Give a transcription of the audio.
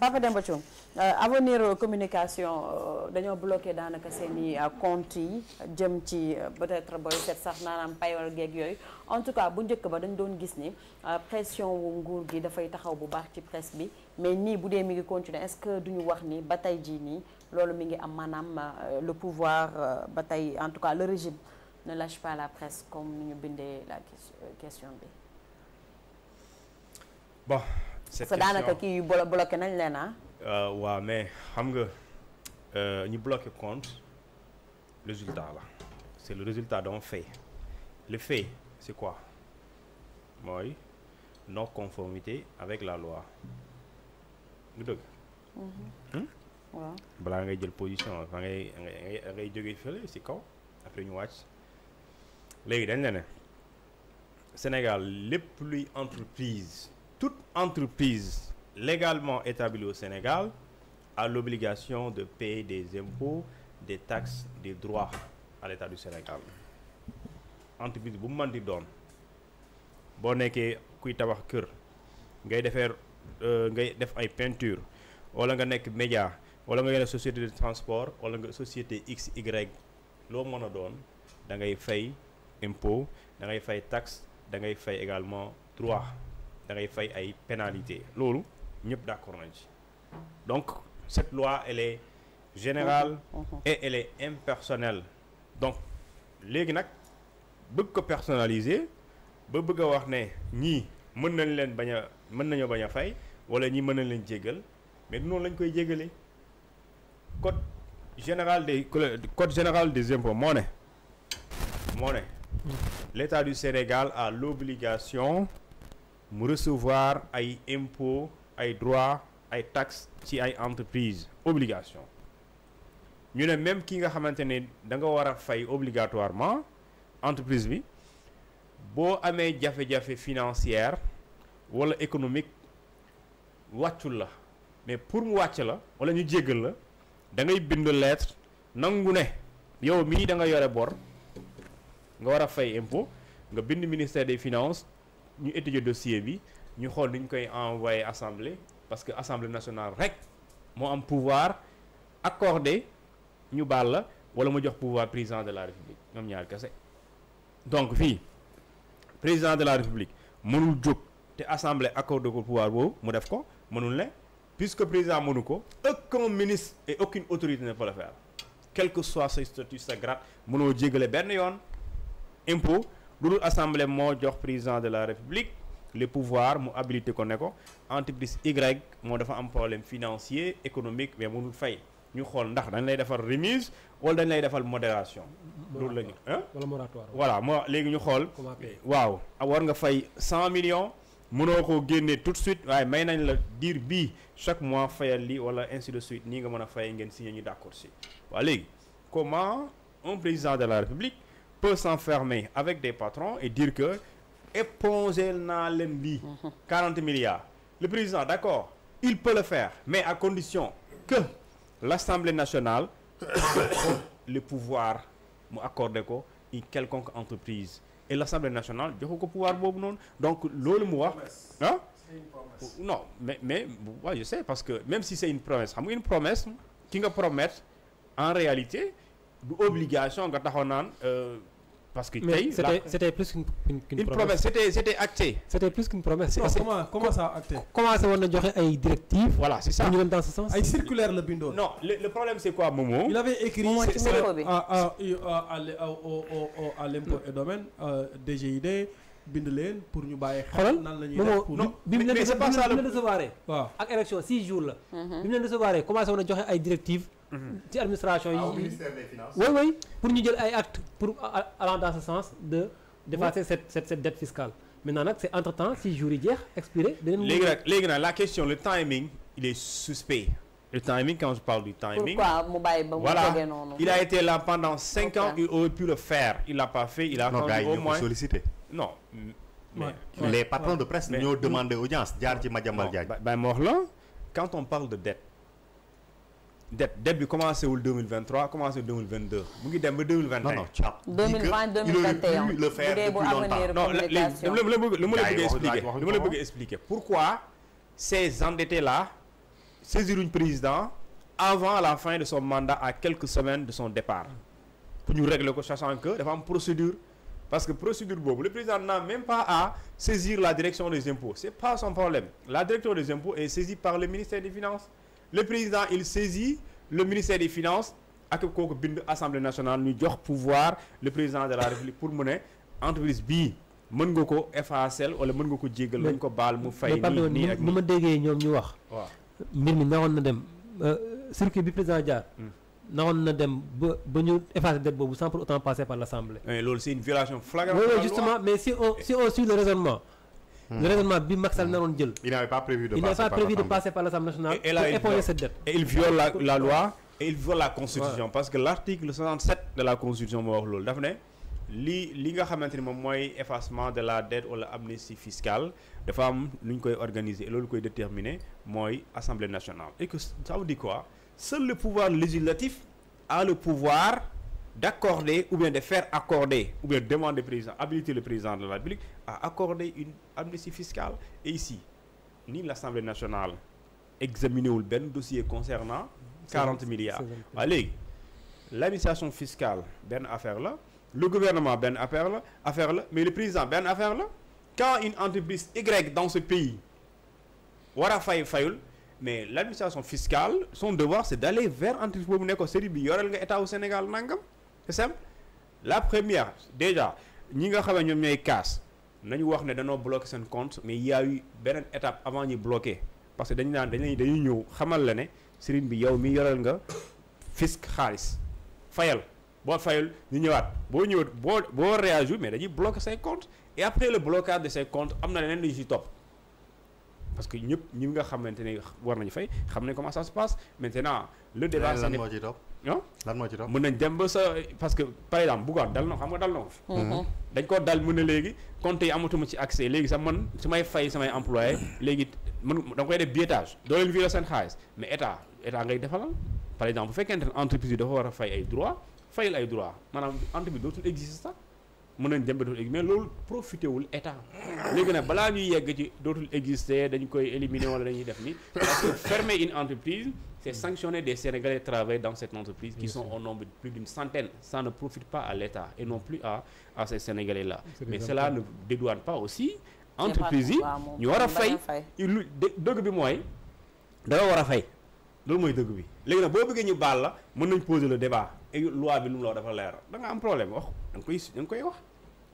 Papa Demba Thion euh, avenir euh, communication euh, dañoo bloqué dans seen ni à Conti, Djemti, ci peut-être booy seet payol en tout cas bu njëkk ba dañ doon gis ni pression wu nguur gi dafay taxaw bu baax ci presse bi mais ni bu dee mi continuer est-ce que duñu wax ni ba tey jii nii mi le pouvoir bataille en tout cas le régime ne lâche pas la presse comme une bindé la question bi bon sa daanaka kii yu bolo bloqué nañ leen ah. Euh, waaw mais xam nga euh, ñu bloqué compte résultat la c' le résultat d'un fait le fait c'est quoi mooy non conformité avec la loi lu dëgg. Mhm. Hmm? waaw balaa ngay jël position fa ngay ngay ngay jógee fële si kaw après ñu wàcc léegi dañ la le Sénégal lépp luy entreprise toute entreprise légalement établie au Sénégal a l'obligation de payer des impôts, des taxes, des droits à l'État du Sénégal. entreprise bu mu mën di que boo nekkee kuy tabax kër ngay faire euh, ngay def ay peinture wala nga média wala nga une société de transport wala nga société x y loo mën a impôts, da ngay fay impôt da ngay fay également droits da ngay fay ay pénalité loolu ñëpp d'accord nañ ci donc cette loi elle est générale et elle est impersonnelle donc léegi nag bëgg ko personnaliser ba bëgg a wax ne ñii mën nañ leen bañ a mën nañoo bañ a fay wala ñii mën nañ leen jéggal mais noonu lañ koy jéggalee code général des code général des impôts moo ne mmh. l'État du Sénégal a l'obligation mu recevoir ay impôts ay droits ay taxes ci ay entreprises obligation ñu ne même ki nga xamante ne da nga war a fay obligatoirement entreprise bi boo amee jafe-jafe financière wala économique wàccul la mais pour mu wàcc la wala ñu jéggal la da ngay bind lettre nangu ne yow mii da nga yore bor nga war a fay impôt nga bind ministère des finances ñu étudier dossier bi ñu envoyé l'Assemblée, assemblée parce que assemblée nationale rek moi am pouvoir accordé nous balle la wala mu pouvoir président de la république ñaar donc vie président de la république mënul jóg assemblée accordé pouvoir ou mu def ko mënul puisque président mënu aucun ministre et aucune autorité ne peut le faire quel que soit sa statut sa grade mënoo jégale benn yoon impôt lu assemblée mo jox président de la république le pouvoir mo habilité ko ne entreprise Y mo dafa am problème financier économique mais mënul fay ñu xol ndax dañ lay defal remise wala dañ lay defal modération. la hein wala moratoire voilà mo légui ñu xol waaw war nga fay 100 millions. mënoo koo génné tout de suite way may nañ la bi chaque mois fayal li wala ainsi de suite Nous nga mën a fay ngeen signé ñu d'accord ci waaw légui comment un président de la république peut s'enfermer avec des patrons et dire que éponger dans l'embi mhm. 40 milliards. le président d'accord il peut le faire mais à condition que l'Assemblée nationale le pouvoir accordé une quelconque entreprise et l'Assemblée nationale joxu faut pouvoir le pouvoir. donc c'est mu wax hein? non mais mais je sais parce que même si c'est une promesse une promesse qui nous promet en réalité l'obligation obligation parce que c'était plus qu'une une, une, promesse c'était c'était acté. c'était plus qu'une promesse. Non, comment comment ça acté. comment ça a joxe ay directives. voilà c'est ça ñu dans ce sens. ay circulaire le bindo non le, problème c'est quoi Momo. il avait écrit à à l'impôt et domaine DGID euh, bind leen pour ñu bàyyi. comment nan la ñuy non mais c'est pas ça le. bi mu waaw six jours comment mm-hmm. ça mu leen Comment ça joxe ay directives ci administration ah, ministère des finances. oui oui pour nous jël ay acte pour allant dans ce sens de. dépasser cette dette fiscale maintenant c'est entre temps si juridique expiré. la question le timing il est suspect. le timing quand je parle du timing. pourquoi voilà il a été là pendant 5 ans il aurait pu le faire il l'a pas fait il a. attendu au moins sollicité. non. les patrons de presse. nous ont demandé audience ci quand on parle de dette début, début, c'est commencé en 2023 commencé 2022 Vous 2021. non non 2020 2021 il le faire depuis longtemps non Le pourquoi ces endettés là une président avant la fin de son mandat à quelques semaines de son départ pour nous régler le sachant que a procédure parce que procédure bon, le président n'a même pas à saisir la direction des impôts c'est pas son problème la direction des impôts est saisie par le ministère des finances le président il saisit le ministère des finances ak kooku bind assemblée nationale ñu jox pouvoir le président de la république pour mu entreprise B, mën nga ko effacer wala mën nga ko jéggal lañ ko bal mu fay ni ak ni ma déggee ñu wax mbir mi na dem euh, circuit bi président jaar hmm. naroon na dem ba ñu effacer dette bobu sans pour autant passer par l'assemblée c'est une violation flagrante oui oui justement mais si on si on suit le raisonnement Hmm. Hmm. il n'avait pas prévu de passer par l'Assemblée nationale. et il viole la loi. et il viole la constitution parce que l'article 67 de la constitution c'est ce loolu daf le li li de la dette ou l'amnistie fiscale des femmes qui koy organiser et qui koy déterminer moy assemblée nationale. et que ça vous dit quoi seul le pouvoir législatif a le pouvoir d'accorder ou bien de faire accorder ou bien demander président, habiliter le président de la République à accorder une amnistie fiscale. Et ici, ni l'Assemblée nationale examine le dossier concernant 40 milliards. Allez, l'administration fiscale, ben affaire là, le gouvernement, ben là, affaire mais le président, ben affaire là. Quand une entreprise Y dans ce pays, Wara faire. mais l'administration fiscale, son devoir, c'est d'aller vers l'entreprise pour que l'État au Sénégal c'est simple la première déjà nous avons casse nous bloqué son compte mais il y a eu une étape avant de bloquer. parce que nous avons dañu dañuy xamal la une bi fisc fayal ñëwaat mais dañuy bloqué et après le blocage de ses comptes nous leneen que ñëpp ñi nga xamante war nañu fay xam nañ comment ça se passe maintenant. le débat ça n'est moo non hein? lan moo ci topp mën nañ dem ba sa parce que par exemple Bougane dal na xam nga dal na mm-hmm. Mm-hmm. dañ ko dal mëna légui compte yi amatuma ci accès légui sa man su fay samay employé légui man da koy def billetage do leen virer sen xaalis mais état état ngay défalal par exemple bu fekkee entreprise yi dafa wara fay ay droits fayal ay droits manam entreprise dootul existe sax mën nañ mais loolu profité wul état léegi nag balaa ñuy yegg ci dootul exister dañ koy éliminer wala dañuy def parce que fermer une entreprise c'est sanctionner des Sénégalais travaillent dans cette entreprise qui sont au nombre de plus d'une centaine ça ne profite pas à l'État et non plus à à ces Sénégalais là mais cela ne dédouane pas aussi entreprise yi ñu war a fay lu dëgg bi mooy dara war a fay loolu mooy dëgg bi léegi nag boo bëggee ñu baal la mën nañ poser le débat et loi bi lu la dafa leer da nga am problème wax da nga koy da koy wax